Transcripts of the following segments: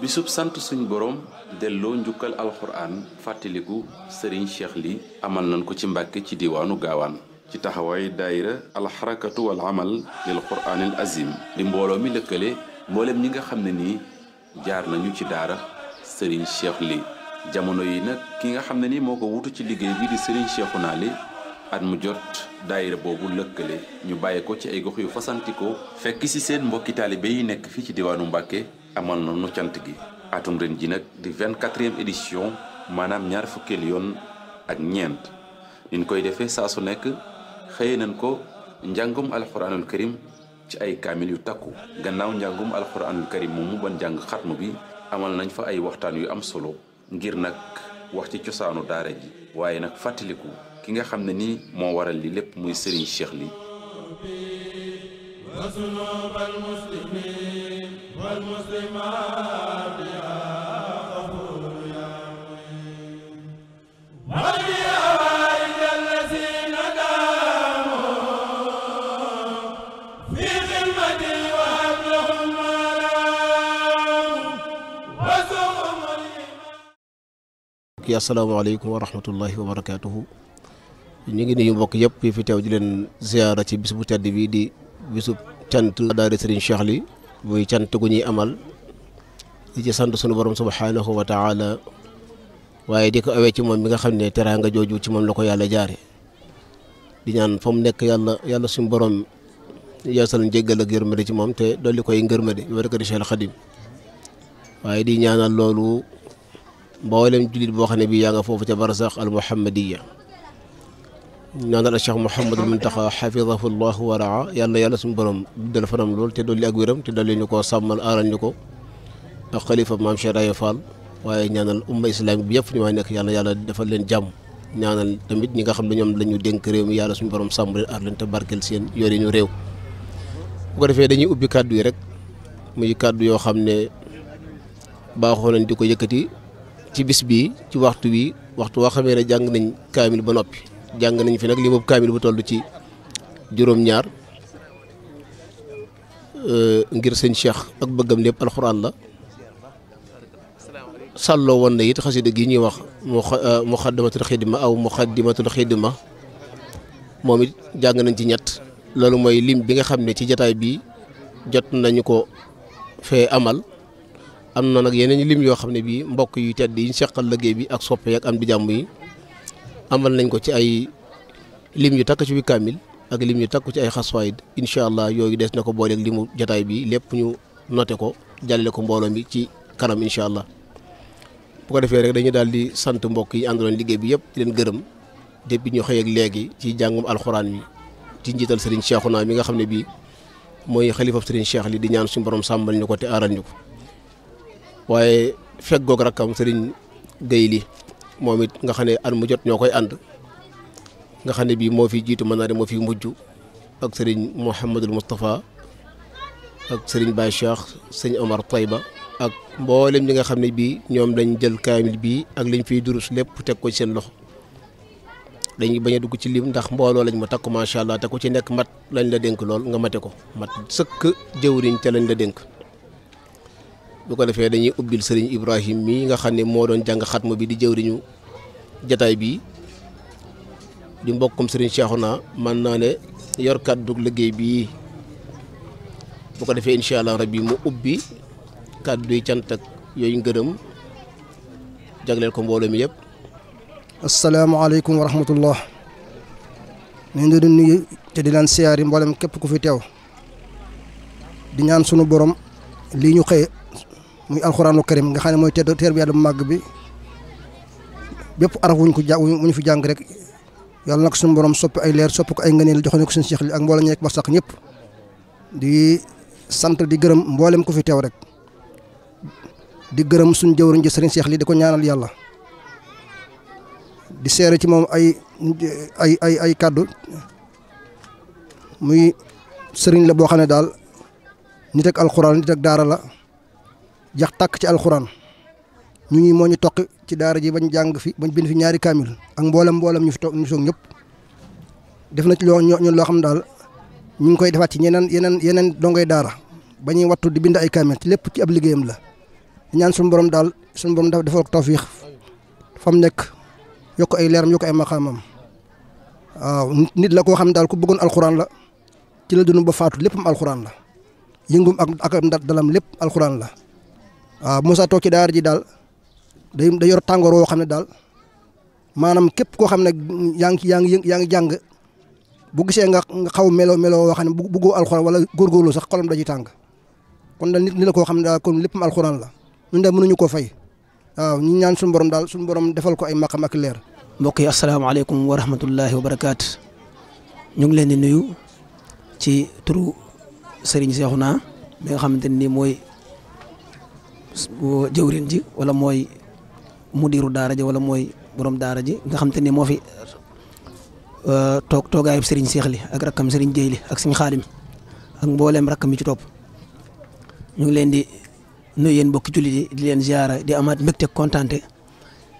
bisub sant suñ boroom delloo njukkal alxuraan fàttaliku sëriñ cheikh li amal nañ ko ci mbàkke ci diwaanu gaawaan ci taxawaay daayira alxarakatu wal amal lil quraanil azim di mbooloo mi lëkkale mboolem ñi nga xam ne nii jaar nañu ci daara sëriñ cheikh li jamono yi nag ki nga xam ne ni moo ko wutu ci liggéey bi di Serigne naa li at mu jot daayira boobu lëkkale ñu bàyyi ko ci ay gox yu fasantikoo fekk ci seen mbokki taalibe yi nekk fii ci diwaanu Mbàkke amal na nu cant gi atum ren ji nag di vingt-quatrième édition maanaam ñaar fukkeel yoon ak ñeent niñ koy defee saa su nekk xëyee nañ ko njàngum alxuraanul karim ci ay kaamil yu takku gannaaw njàngum alxuraanul karim moomu ban njàng xatmu bi amal nañ fa ay waxtaan yu am solo ngir nag wax ci cosaanu daara ji waaye nag fàttaliku ki nga xam ne nii moo waral li lépp muy Serigne Cheikh Ly وذنوب المسلمين والمسلمات yi asalaamaaleykum wa rahmatullahi wa barakaatuhu ñu ngi nuyu mbokk yépp yi fi teew di leen ziyaara ci bis bu tedd bii di bisub cant daara Serigne Cheikh li muy cant gu ñuy amal di ci sant sunu borom subhaanahu wa taala waaye di ko awee ci moom mi nga xam ne teraanga jooju ci moom la ko yàlla jaare di ñaan fa mu nekk yàlla yàlla suñu borom yaasal njéggal ak yërmande ci moom te dolli koy ngërmande bi barke di Cheikh Xadim waaye di ñaanal loolu. mboolem jullit boo xam ne bii yaa nga foofu ca barsax al muhammadiya ñaanal Cheikh Mouhamadul Muntaxa xafidahu llah wa raa yàlla yàlla suñu borom guddal fanam loolu te dolli ak wéram te dolli ñu koo sàmmal aaral ñu ko ak xalifa maam Cheikh Raye Fall waaye ñaanal umma islamique bi yëpp ñu may nekk yàlla yàlla defal leen jàmm ñaanal tamit ñi nga xam ne ñoom la ñu dénk réew mi yàlla suñu borom sàmm leen aar leen te barkeel seen yore ñu réew bu defee dañuy ubbi kàddu yi rek muy kàddu yoo xam ne baaxoo nañ di ko yëkkati ci bis bii ci waxtu wi waxtu woo xamee ne jàng nañ kaamil ba noppi jàng nañ fi nag li boobu kaamil bu tollu ci juróom-ñaar ngir sëñ Cheikh ak bëggam lépp alxuraan la sàlloo woon na it xasida gi ñuy wax muxaddimatul xidma aw muxaddimatul xidma moom it jàng nañ ci ñett loolu mooy lim bi nga xam ne ci jataay bi jot nañu ko fee amal am na nag yeneen lim yoo xam ne bii mbokk yu tedd yi ñu seqal liggéey bi ak soppe ak am di jàmm yi amal nañ ko ci ay lim yu takk ci bi kaamil ak lim yu takk ci ay xaswaayid incha allah yooyu des na ko booleeg limu jataay bi lépp ñu note ko jàllale ko mbooloo mi ci kanam incha allah bu ko defee rek dañu daal di sant mbokk yi àndaloon liggéey bi yëpp di leen gërëm depuis ñu xëy ak léegi ci jàngum alxuraan mi ci njiital Serigne Cheikhouna mi nga xam ne bii mooy xalifab Serigne Cheikh li di ñaan suñu borom sàmbal ñu ko te aaral ñu ko waaye feggoog rakkam sëriñ Guèye moom it nga xam ne at mu jot ñoo koy ànd nga xam ne bii moo fi jiitu mën naa ne moo fi mujj ak sëriñ Mouhamadul Moustapha ak sëriñ Baye Cheikh sëñ Omar ba ak mboolem ñi nga xam ne bii ñoom lañ jël kaamil bii ak lañ fiy durus lépp teg ko ci seen loxo dañuy bañ a dugg ci lim ndax mbooloo lañ ma takku macha allah te ko ci nekk mat lañ la dénk lool nga mate ko mat sëkk jëwriñ ca lañ la dénk. bu ko defee dañuy ubbil sëriñ Ibrahim mii nga xam ne moo doon jàng xatmu bi di jëwriñu jataay bii di mbokkum sëriñ Cheikhouna mën naa ne yor kàddu liggéey bii boo ko defee incha allah rab bi mu ubbi kàddu yi cant ak yooyu ngërëm jagleel ko mbooloo mi yëpp. asalaamaaleykum aleykum rahmatullah. ñu ngi leen di nuyu te di leen siyaar mboolem képp ku fi teew. di ñaan sunu borom lii ñu xëyee. muy alxuraanul karim nga xam ne mooy teer teer bi yàlla màgg bi bépp araf wuñ ko ja fi jàng rek yàlla nag suñ borom soppi ay leer soppi ko ay ngëneel jox ne ko suñu seex li ak mboolem ñi nekk di gërëm mboolem ku fi teew rek di gërëm suñu jëwriñ ji sëriñ seex li di ko ñaanal yàlla di seere ci moom ay ay kàddu muy sëriñ la boo xam ne daal nit ak alxuraan nit ak daara la jax takk ci alxuraan ñu ñuy moo ñu toq ci daara ji bañ jàng fi bañ bind fi ñaari kaamil ak mboolem mboolem ñu fi toog ñu soog ñëpp def na ci loo ñun loo xam daal ñu ngi koy defaat ci yeneen yeneen yeneen dongoy daara ba ñuy wattu di bind ay kaamil ci lépp ci ab liggéeyam la ñaan suñu borom daal suñu borom dafa defal ko tawfiix fam nekk yokk ay leeram yokk ay maqaamam waaw nit la koo xam daal ko bëggoon alxuraan la ci la dund ba faatu léppam alxuraan la yëngum ak ak dalam lépp alxuraan la. waaw ah, Moussa toog ci daara ji daal day day yor tàngoor woo xam ne daal maanaam képp koo xam ne yaa ngi yaa yaa ngi jàng bu gisee nga xaw melo melo woo ne ne bëggoo alxuraan wala góorgóorlu sax xolam dañuy tàng kon daal nit ni la koo xam ne daal kon léppam alxuraan la ñun daal mënuñu koo fay waaw ñu ñaan suñu borom daal suñu borom defal ko ay maqam ak leer. mbokk yi asalaamaaleykum wa rahmatullahi wa barakaatu ñu ngi leen ni nuyu ci turu Serigne Cheikhouna mi nga xamante ni mooy. jëwrin ji wala mooy mudiru daara ji wala mooy borom daara ji nga xam ni moo fi euh, toog toogaayub Serigne Cheikh li ak rakkam Serigne Dieye li ak Serigne Khadim ak mbooleem rakkam yi ci topp ñu ngi leen di nu yéen mbokki jullit yi di leen ziara di amaat mbégte kontaante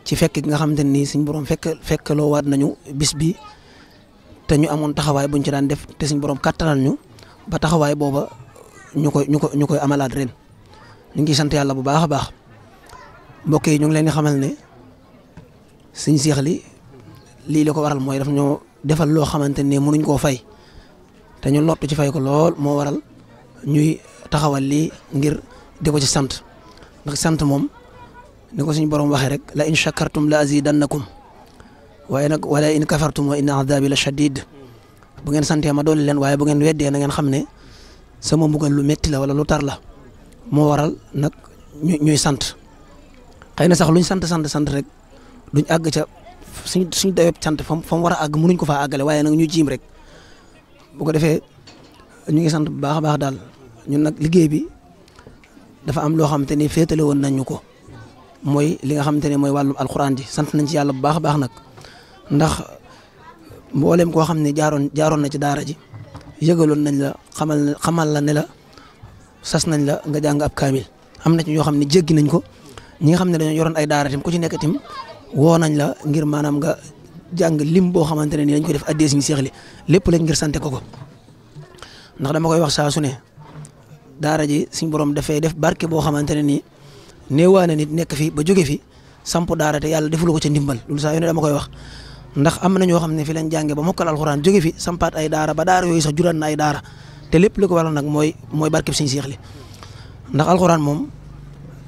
ci fekk nga xam te ni suñ borom fekk fekk loo waat nañu bis bi te ñu amoon taxawaay buñ ci daan def te suñ borom kattanal ñu ba taxawaay booba ñu koy ñu koy ñu koy amalaat ren. ñu ngi sant yàlla bu baax a baax mbokk yi ñu ngi leen di xamal ne suñ seex li lii la ko waral mooy daf ñoo defal loo xamante ne nuñ koo fay te ñu lottu ci fay ko lool moo waral ñuy taxawal lii ngir di ko ci sant sant moom ni ko suñu borom waxe rek la in shakartum la azidannakum waaye nag wala in kafartum wa inna adabi la shadid bu ngeen santee ma dool leen waaye bu ngeen weddee na ngeen xam ne sama mbuga lu metti la wala lu tar la moo waral nag ñu ñuy sant xëy na sax luñ sant sant sant rek duñ àgg ca suñ suñ dayoo sant fa mu fa war a àgg mënuñ ko faa àggale waaye nag ñu jiim rek bu ko defee ñu ngi sant bu baax a baax daal ñun nag liggéey bi dafa am loo xamante ni féetale woon nañ ñu ko mooy li nga xamante ne mooy wàllum alxuraan ji sant nañ ci yàlla bu baax a baax nag ndax mboolem koo xam ne jaaroon jaaroon na ci daara ji yëgaloon nañ la xamal xamal la ne la. sas nañ la nga jàng ab kaamil am na ci yoo xam ne jéggi nañ ko ñi nga xam ne dañoo yoroon ay daara tim ku ci nekk tim woo nañ la ngir maanaam nga jàng lim boo xamante ne nii dañ ko def addee suñu seexli lépp lañ ngir sante ko ko ndax dama koy wax saa su ne daara ji suñ borom dafay def barke boo xamante ne nii néewaane nit nekk fi ba jóge fi samp daara te yàlla defulu ko ca ndimbal loolu saa yu ne dama koy wax ndax am na ñoo xam ne fi lañ jàngee ba mokkal alxuraan jóge fi sampaat ay daara ba daara yooyu sax juraan na ay daara te lépp li ko waral nag mooy mooy barkeb Sëñ Seex li ndax alxuraan moom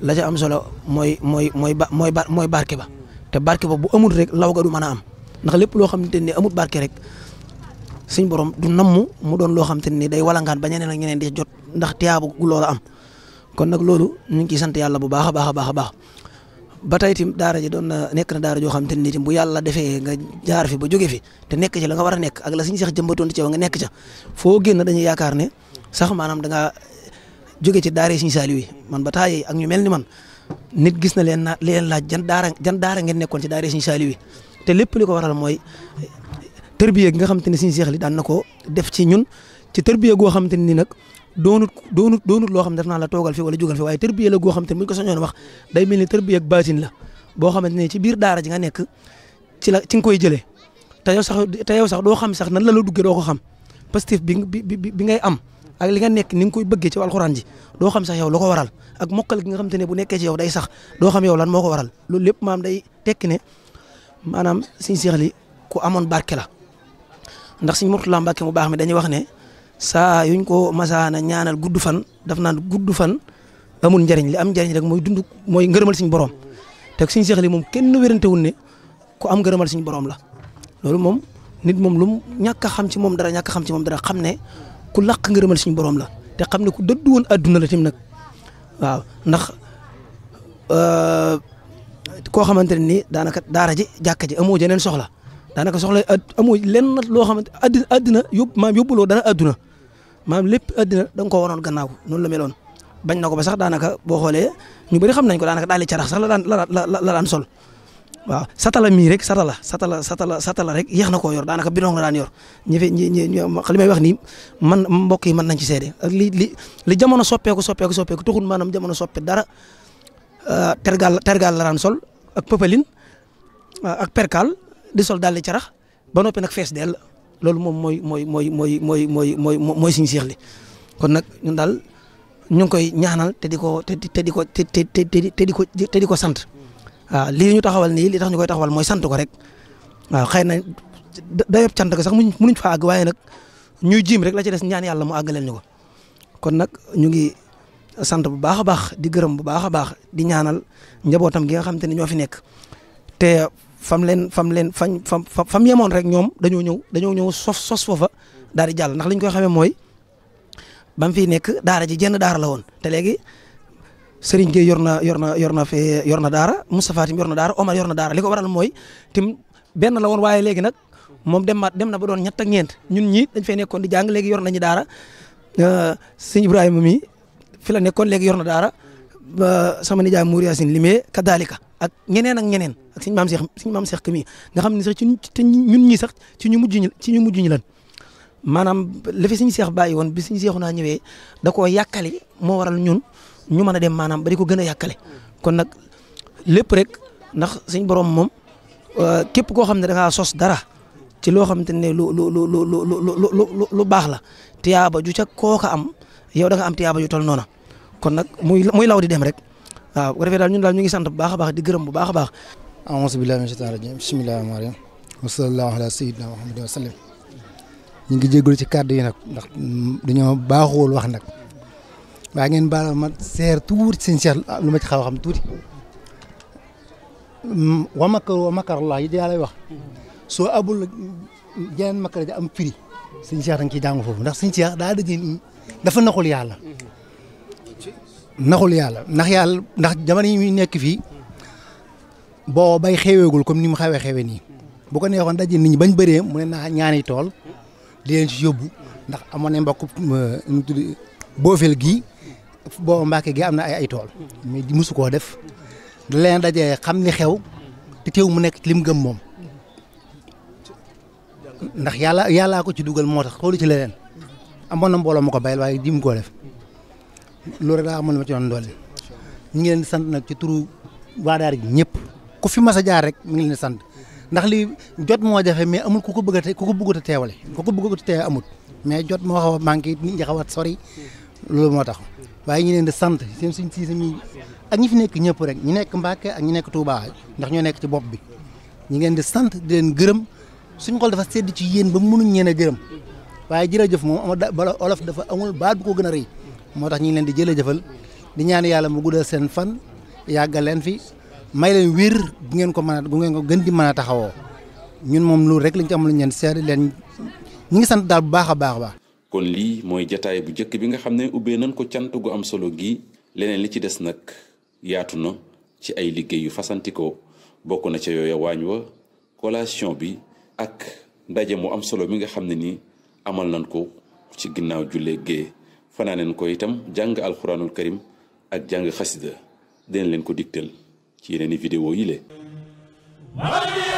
la ca am solo mooy mooy mooy ba mooy ba mooy barke ba te barke ba bu amul rek law ga du mën a am ndax lépp loo xamante ne amut barke rek suñ borom du namm mu doon loo xamante ne day walangaan ba ñeneen ak ñeneen di jot ndax tiyaabu gu loola am kon nag loolu ñu ngi ciy sant yàlla bu baax a baax a baax a baax. ba tey itam daara ji doon na nekk na daara joo xam te ni itam bu yàlla defee nga jaar fi ba jóge fi te nekk ci la nga war a nekk ak la suñu sax jëmbatoon ci yow nga nekk ca foo yaakaar ne sax maanaam da ngaa jóge ci daara Sëriñ Saaliw man ba taay ak ñu mel ni man nit gis na leen na leen laaj jan daara jan daara ngeen nekkoon ci daara Sëriñ Saaliw yi te lépp li ko waral mooy tërbiye gi nga xam te ne Sëriñ Seex li daan na ko def ci ñun ci tërbiye goo xam te ni nag doonut doonut doonut loo xam ne daf naa la toogal fi wala jógal fi waaye tërbiye la goo xam te muñ ko sañoon wax day mel ni tërbiye baatin la boo xamante ne ci biir daara ji nga nekk ci la ci nga koy jëlee te yow sax te doo xam sax nan la la duggee doo ko xam positif bi bi bi ngay am ak li nga nekk ni nga koy bëggee ci alxuraan ji doo xam sax yow loo ko waral ak mokkal gi nga xam te ne bu nekkee ci yow day sax doo xam yow lan moo ko waral loolu lépp maam day tekki ne maanaam Sëriñ Seex li ku amoon barke la ndax Sëriñ Murtala Mbàkke mu baax mi dañuy wax ne saa yuñ ko masaana ñaanal gudd fan daf naan gudd fan amul njariñ li am njariñ rek mooy dund mooy ngërëmal suñu borom te suñu seexli moom kenn wérante wul ne ku am ngërëmal suñu boroom la loolu moom nit moom lu ñàkk a xam ci moom dara ñàkk xam ci moom dara xam ne ku làq ngërëmal suñu borom la te xam ne ku dëddu woon adduna la tim nag waaw ndax euh, koo xamante ne nii daanaka daara ji jàkka ji amoo jeneen soxla daanaka soxla amoo lenn loo xamante addina yóbbu maam yóbbuloo dana adduna maanaam lépp addina da nga koo wanoon gannaaw noonu la meloon bañ na ko ba sax daanaka boo xoolee ñu bëri xam nañ ko daanaka daal di carax sax la daan la la daan sol waaw satala mii rek satala satala satala satala rek yéex na koo yor daanaka bidon la daan yor ñi fi ñi ñi li may wax nii man mbokk yi mën nañ ci seede li li li jamono soppeeku soppeeku soppeeku taxul maanaam jamono soppe dara euh, tergal tergal la daan sol ak pëpalin ak perkal di sol daal di carax ba noppi nag fees dell loolu moom mooy mooy mooy mooy mooy mooy mooy mooy suñu seex li kon nag ñun daal ñu ngi koy ñaanal te di ko te di ko te te di ko di ko sant waaw lii ñu taxawal nii lii tax ñu koy taxawal mooy sant ko rek waaw xëy na dayoo cant ko sax mënuñ waaye nag ñuy jiim rek la ci des ñaan yàlla mu àggaleel ñu ko nag ñu ngi sant bu baax a baax di gërëm bu baax a baax di ñaanal njabootam gi nga xam te ñoo fi nekk te fam leen fam leen fañ fam fam yemoon rek ñoom dañoo ñëw dañoo ñëw sof sos foofa daal jàll ndax li ñu koy xamee mooy ba mu fiy nekk daara ji jenn daara la woon te léegi Serigne Gueye yor na yor na yor na fee yor na daara Moustapha Tim yor na daara Omar yor na daara li ko waral mooy tim benn la woon waaye léegi nag moom dem dem na ba doon ñett ak ñeent ñun ñii dañ fee nekkoon di jàng léegi yor nañu daara euh, sëñ Ibrahima mi fi la nekkoon léegi yor na daara sama nijaay Mouriassine Limé kadalika ak ñeneen ak ñeneen ak suñu maam Cheikh suñu maam Cheikh mi nga xam ne sax ci ñun ñi sax ci ñu mujj ñi ci ñu mujj lan maanaam li fi suñu Cheikh bàyyi woon bi suñu seexu naa ñëwee da koo yàkkali moo waral ñun ñu mën a dem maanaam ba ko gën a yàkkale kon nag lépp rek ndax suñu borom moom euh, képp koo xam ne da sos dara ci loo xamante ne lu lu lu lu lu lu baax la tiyaaba ju ca kooka am yow da am tiyaaba ju tol noona kon nag muy muy law di dem rek. waaw bu ko defee daal ñun ñu ngi sant bu baax a baax di gërëm bu baax a baax a'uuzu billaahi mina shaytaani rajiim bismillaahi rahmaani rahiim wa sallallaahu alaa sayyidinaa Muhammadin wa sallam ñu ngi jégalu ci kàddu yi nag ndax dañoo baaxuwul wax nag waa ngeen baal ma seer tuuti seen seer ah, lu ma ci xaw a xam tuuti mm, wa makar wa yi yàlla lay wax soo abul jeneen makar ja am firi suñ seex da nga ciy jàng foofu ndax suñ seex daa dëjee dafa naxul yàlla naxul yàlla ndax yàlla ndax jamono yi muy nekk fii boo bay xeweegul comme ni mu xawee xewe nii bu ko neexoon daje nit ñi bañ bëree mu ne naa ñaani tool di leen ci yóbbu ndax amoon na mbokk eh, nu tudd gii boo Mbàkke gi am na ay ay tool mais mosu koo def leen dajee xam ni xew te mu nekk lim gëm moom ndax yàlla yàllaa ko ci dugal moo tax xoolu ci leneen amoon na mbooloo ma ko bayal waaye ji mu koo def loolu rek laa amal ma ci doon dolli ñu ngi leen sant na ci turu waa daara gi ñëpp ku fi mas a jaar rek mi ngi leen sant ndax li jot moo jafe mais amul ku ko bëgg a ku ko bëggut a teewale ku ko bëggut a amut mais jot moo xaw a manqué nit ñi sori loolu moo tax waaye ñu leen di sant seen suñ si suñuy ak ñi fi nekk ñëpp rek ñu nekk Mbàkke ak ñu nekk Touba ndax ñoo nekk ci bopp bi ñu ngeen di sant di leen gërëm suñ xol dafa sedd ci yéen ba mënuñ ñeen a gërëm waaye jërëjëf moom ama bala olof dafa amul baat bu ko gën a rëy moo tax ñu ngi leen di jëlëjëfal di ñaan yàlla mu guddal seen fan yàggal leen fi may leen wér bu ngeen ko mën a bu ngeen ko gën di mën a taxawoo ñun moom loolu rek lañ ci am lu ñu leen seet ñi ngi sant daal bu baax a baax baax kon lii mooy jataay bu njëkk bi nga xam ne ubbee nañ ko cant gu am solo gi leneen li ci des nag yaatu na ci ay liggéey yu fasantikoo bokk na ca yooya waañ wa collation bi ak ndaje mu am solo bi nga xam ne nii amal nañ ko ci ginnaaw jullee gée fanaaneen ko itam jàng alxuraanul karim ak jàng xasida dinañ leen ko digtal ci yeneen i vidéo yi le